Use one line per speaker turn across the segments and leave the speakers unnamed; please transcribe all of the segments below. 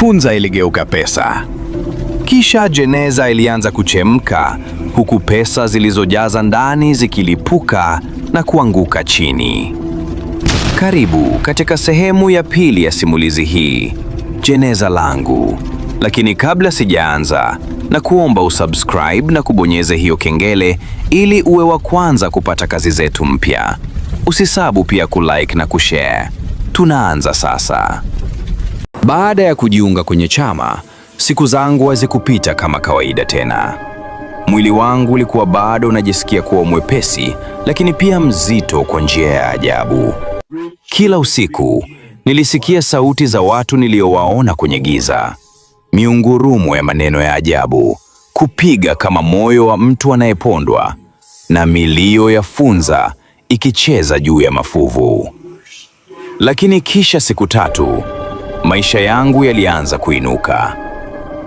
funza iligeuka pesa. Kisha jeneza ilianza kuchemka huku pesa zilizojaza ndani zikilipuka na kuanguka chini. Karibu katika sehemu ya pili ya simulizi hii, jeneza langu. Lakini kabla sijaanza, na kuomba usubscribe na kubonyeze hiyo kengele ili uwe wa kwanza kupata kazi zetu mpya. Usisabu pia kulike na kushare. Tunaanza sasa. Baada ya kujiunga kwenye chama, siku zangu hazikupita kama kawaida tena. Mwili wangu ulikuwa bado unajisikia kuwa mwepesi, lakini pia mzito kwa njia ya ajabu. Kila usiku nilisikia sauti za watu niliowaona kwenye giza, miungurumo ya maneno ya ajabu, kupiga kama moyo wa mtu anayepondwa, na milio ya funza ikicheza juu ya mafuvu. Lakini kisha siku tatu maisha yangu yalianza kuinuka.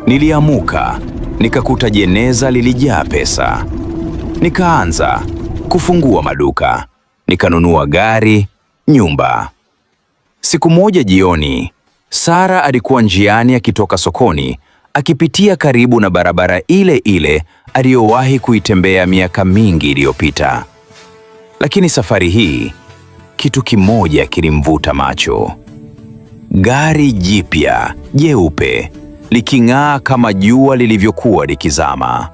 Niliamuka nikakuta jeneza lilijaa pesa, nikaanza kufungua maduka, nikanunua gari, nyumba. Siku moja jioni, Sara alikuwa njiani akitoka sokoni akipitia karibu na barabara ile ile aliyowahi kuitembea miaka mingi iliyopita, lakini safari hii kitu kimoja kilimvuta macho. Gari jipya jeupe liking'aa kama jua lilivyokuwa likizama.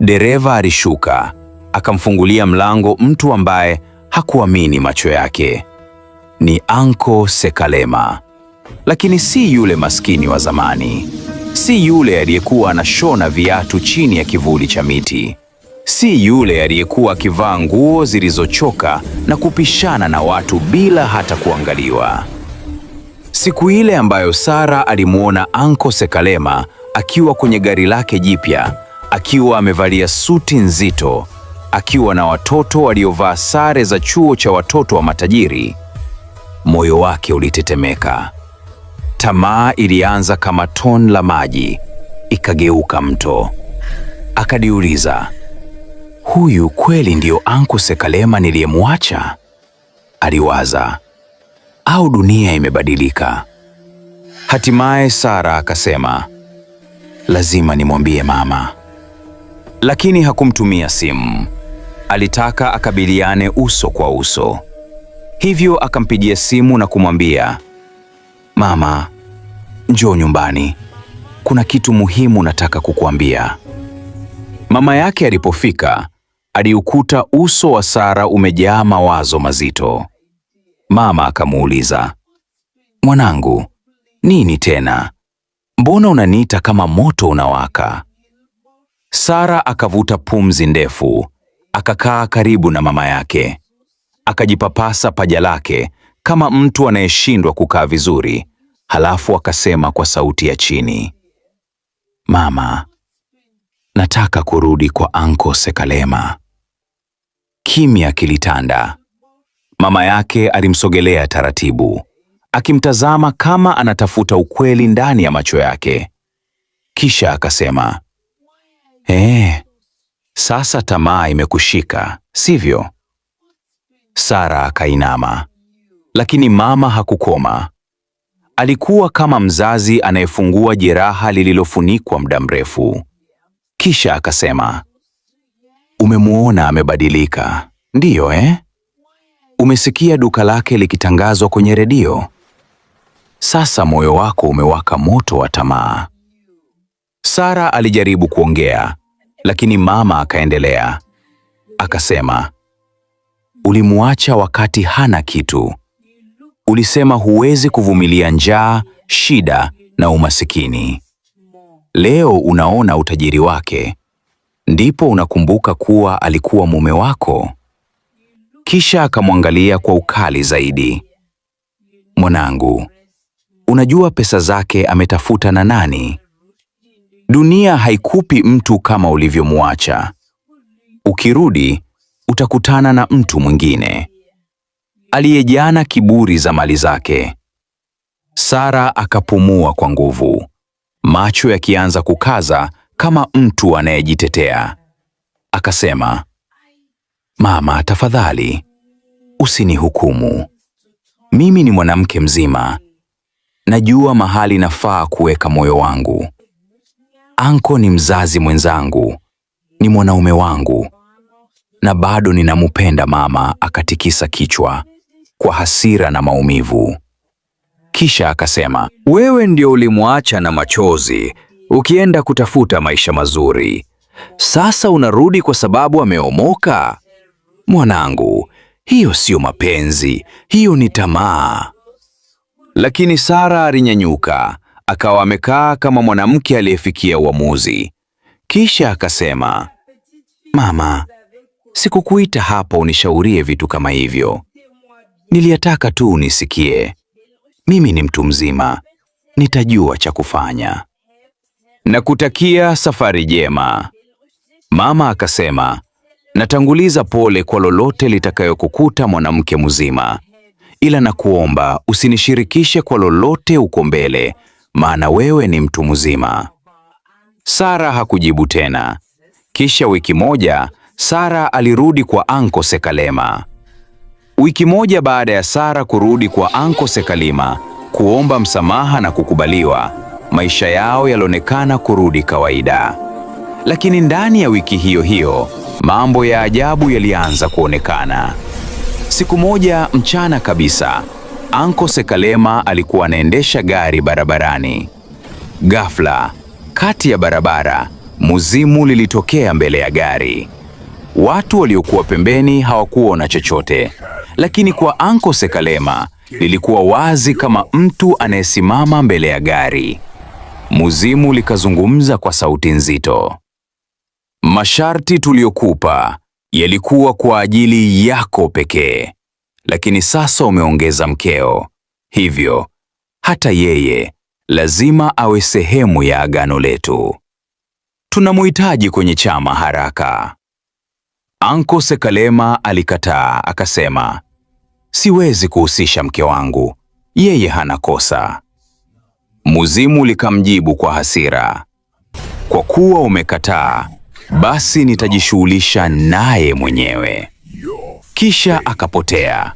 Dereva alishuka akamfungulia mlango mtu ambaye hakuamini macho yake. Ni Anko Sekalema, lakini si yule maskini wa zamani, si yule aliyekuwa anashona viatu chini ya kivuli cha miti, si yule aliyekuwa akivaa nguo zilizochoka na kupishana na watu bila hata kuangaliwa. Siku ile ambayo Sara alimuona Anko Sekalema akiwa kwenye gari lake jipya, akiwa amevalia suti nzito, akiwa na watoto waliovaa sare za chuo cha watoto wa matajiri, moyo wake ulitetemeka. Tamaa ilianza kama ton la maji, ikageuka mto. Akajiuliza, huyu kweli ndiyo Anko Sekalema niliyemwacha? Aliwaza au dunia imebadilika? Hatimaye Sara akasema, lazima nimwambie mama, lakini hakumtumia simu. Alitaka akabiliane uso kwa uso, hivyo akampigia simu na kumwambia, mama, njoo nyumbani, kuna kitu muhimu nataka kukuambia. Mama yake alipofika aliukuta uso wa Sara umejaa mawazo mazito. Mama akamuuliza, mwanangu, nini tena? Mbona unaniita kama moto unawaka? Sara akavuta pumzi ndefu, akakaa karibu na mama yake, akajipapasa paja lake kama mtu anayeshindwa kukaa vizuri, halafu akasema kwa sauti ya chini, Mama, nataka kurudi kwa anko Sekalema. Kimya kilitanda. Mama yake alimsogelea taratibu, akimtazama kama anatafuta ukweli ndani ya macho yake, kisha akasema, eh, sasa tamaa imekushika, sivyo? Sara akainama, lakini mama hakukoma. Alikuwa kama mzazi anayefungua jeraha lililofunikwa muda mrefu. Kisha akasema, umemwona amebadilika, ndiyo eh? Umesikia duka lake likitangazwa kwenye redio. Sasa moyo wako umewaka moto wa tamaa. Sara alijaribu kuongea, lakini mama akaendelea. Akasema, ulimuacha wakati hana kitu. Ulisema huwezi kuvumilia njaa, shida na umasikini. Leo unaona utajiri wake, ndipo unakumbuka kuwa alikuwa mume wako kisha akamwangalia kwa ukali zaidi. Mwanangu, unajua pesa zake ametafuta na nani? Dunia haikupi mtu kama ulivyomwacha. Ukirudi utakutana na mtu mwingine aliyejana kiburi za mali zake. Sara akapumua kwa nguvu, macho yakianza kukaza kama mtu anayejitetea. Akasema, Mama, tafadhali usinihukumu. Mimi ni mwanamke mzima, najua mahali nafaa kuweka moyo wangu. Anko ni mzazi mwenzangu, ni mwanaume wangu, na bado ninamupenda mama. Akatikisa kichwa kwa hasira na maumivu, kisha akasema, wewe ndio ulimwacha na machozi ukienda kutafuta maisha mazuri, sasa unarudi kwa sababu ameomoka mwanangu, hiyo siyo mapenzi, hiyo ni tamaa. Lakini Sara alinyanyuka akawa amekaa kama mwanamke aliyefikia uamuzi. Kisha akasema, mama, sikukuita hapa unishaurie vitu kama hivyo, niliyataka tu unisikie. Mimi ni mtu mzima, nitajua cha kufanya. Nakutakia safari jema. Mama akasema, Natanguliza pole kwa lolote litakayokukuta mwanamke mzima, ila nakuomba usinishirikishe kwa lolote uko mbele, maana wewe ni mtu mzima. Sara hakujibu tena. Kisha wiki moja Sara alirudi kwa Anko Sekalema. Wiki moja baada ya Sara kurudi kwa Anko Sekalima kuomba msamaha na kukubaliwa, maisha yao yalionekana kurudi kawaida, lakini ndani ya wiki hiyo hiyo mambo ya ajabu yalianza kuonekana. Siku moja mchana kabisa, Anko Sekalema alikuwa anaendesha gari barabarani. Ghafla, kati ya barabara, muzimu lilitokea mbele ya gari. Watu waliokuwa pembeni hawakuona chochote, lakini kwa Anko Sekalema lilikuwa wazi kama mtu anayesimama mbele ya gari. Muzimu likazungumza kwa sauti nzito. Masharti tuliyokupa yalikuwa kwa ajili yako pekee, lakini sasa umeongeza mkeo, hivyo hata yeye lazima awe sehemu ya agano letu. Tunamhitaji kwenye chama haraka. Anko Sekalema alikataa akasema, siwezi kuhusisha mke wangu, yeye hana kosa. Muzimu likamjibu kwa hasira, kwa kuwa umekataa basi nitajishughulisha naye mwenyewe. Kisha akapotea.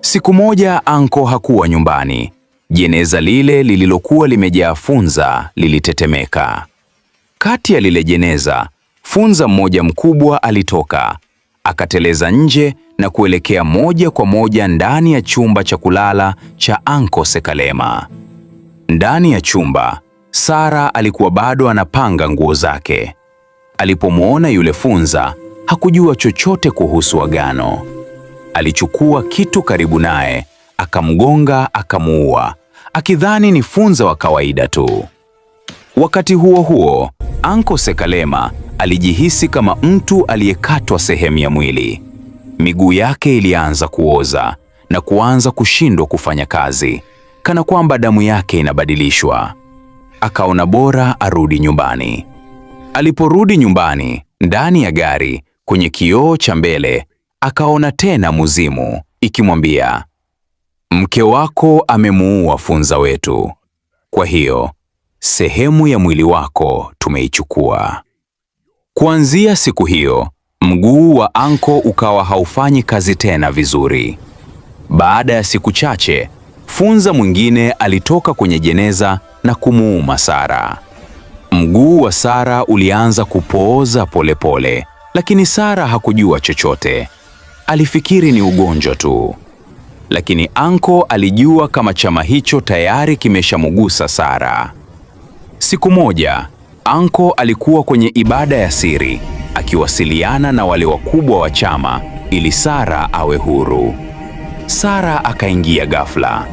Siku moja anko hakuwa nyumbani. Jeneza lile lililokuwa limejaa funza lilitetemeka. Kati ya lile jeneza, funza mmoja mkubwa alitoka, akateleza nje na kuelekea moja kwa moja ndani ya chumba cha kulala cha anko Sekalema. Ndani ya chumba, Sara alikuwa bado anapanga nguo zake. Alipomwona yule funza, hakujua chochote kuhusu agano. Alichukua kitu karibu naye, akamgonga, akamuua, akidhani ni funza wa kawaida tu. Wakati huo huo, Anko Sekalema alijihisi kama mtu aliyekatwa sehemu ya mwili. Miguu yake ilianza kuoza na kuanza kushindwa kufanya kazi, kana kwamba damu yake inabadilishwa. Akaona bora arudi nyumbani. Aliporudi nyumbani, ndani ya gari, kwenye kioo cha mbele, akaona tena Muzimu ikimwambia, mke wako amemuua funza wetu, kwa hiyo sehemu ya mwili wako tumeichukua. Kuanzia siku hiyo, mguu wa Anko ukawa haufanyi kazi tena vizuri. Baada ya siku chache, funza mwingine alitoka kwenye jeneza na kumuuma Sara. Mguu wa Sara ulianza kupooza polepole, lakini Sara hakujua chochote. Alifikiri ni ugonjwa tu. Lakini Anko alijua kama chama hicho tayari kimeshamgusa Sara. Siku moja, Anko alikuwa kwenye ibada ya siri, akiwasiliana na wale wakubwa wa chama ili Sara awe huru. Sara akaingia ghafla.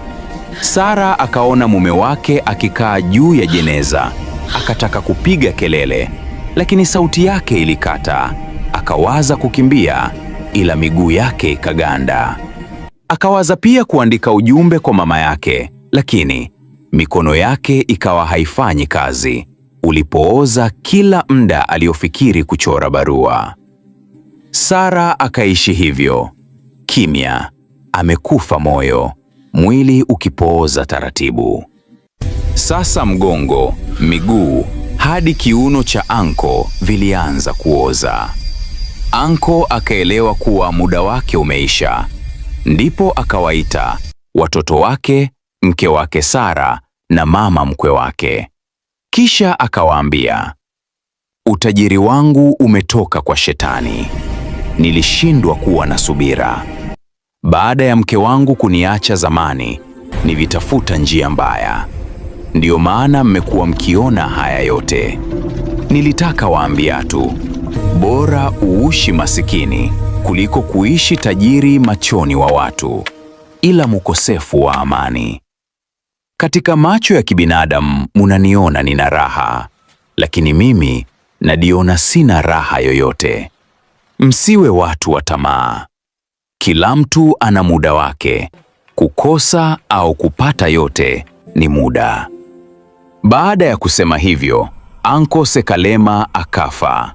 Sara akaona mume wake akikaa juu ya jeneza Akataka kupiga kelele, lakini sauti yake ilikata. Akawaza kukimbia, ila miguu yake ikaganda. Akawaza pia kuandika ujumbe kwa mama yake, lakini mikono yake ikawa haifanyi kazi, ulipooza kila muda aliyofikiri kuchora barua. Sara akaishi hivyo kimya, amekufa moyo, mwili ukipooza taratibu. Sasa mgongo, miguu hadi kiuno cha Anko vilianza kuoza. Anko akaelewa kuwa muda wake umeisha, ndipo akawaita watoto wake, mke wake Sara na mama mkwe wake, kisha akawaambia, utajiri wangu umetoka kwa Shetani. Nilishindwa kuwa na subira. Baada ya mke wangu kuniacha zamani, nilitafuta njia mbaya ndiyo maana mmekuwa mkiona haya yote. Nilitaka waambia tu, bora uushi masikini kuliko kuishi tajiri machoni wa watu, ila mukosefu wa amani. Katika macho ya kibinadamu munaniona nina raha, lakini mimi nadiona sina raha yoyote. Msiwe watu wa tamaa. Kila mtu ana muda wake. Kukosa au kupata yote ni muda. Baada ya kusema hivyo, Anko Sekalema akafa,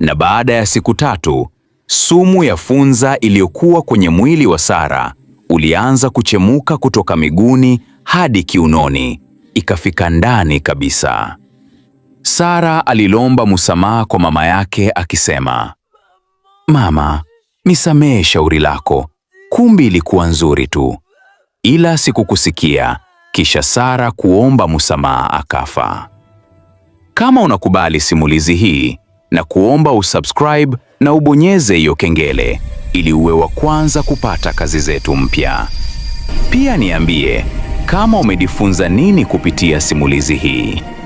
na baada ya siku tatu sumu ya funza iliyokuwa kwenye mwili wa Sara ulianza kuchemuka kutoka miguuni hadi kiunoni, ikafika ndani kabisa. Sara alilomba msamaha kwa mama yake akisema, Mama, nisamehe shauri lako, kumbi ilikuwa nzuri tu, ila sikukusikia kisha Sara kuomba msamaha akafa. Kama unakubali simulizi hii na kuomba usubscribe na ubonyeze hiyo kengele ili uwe wa kwanza kupata kazi zetu mpya. Pia niambie kama umejifunza nini kupitia simulizi hii.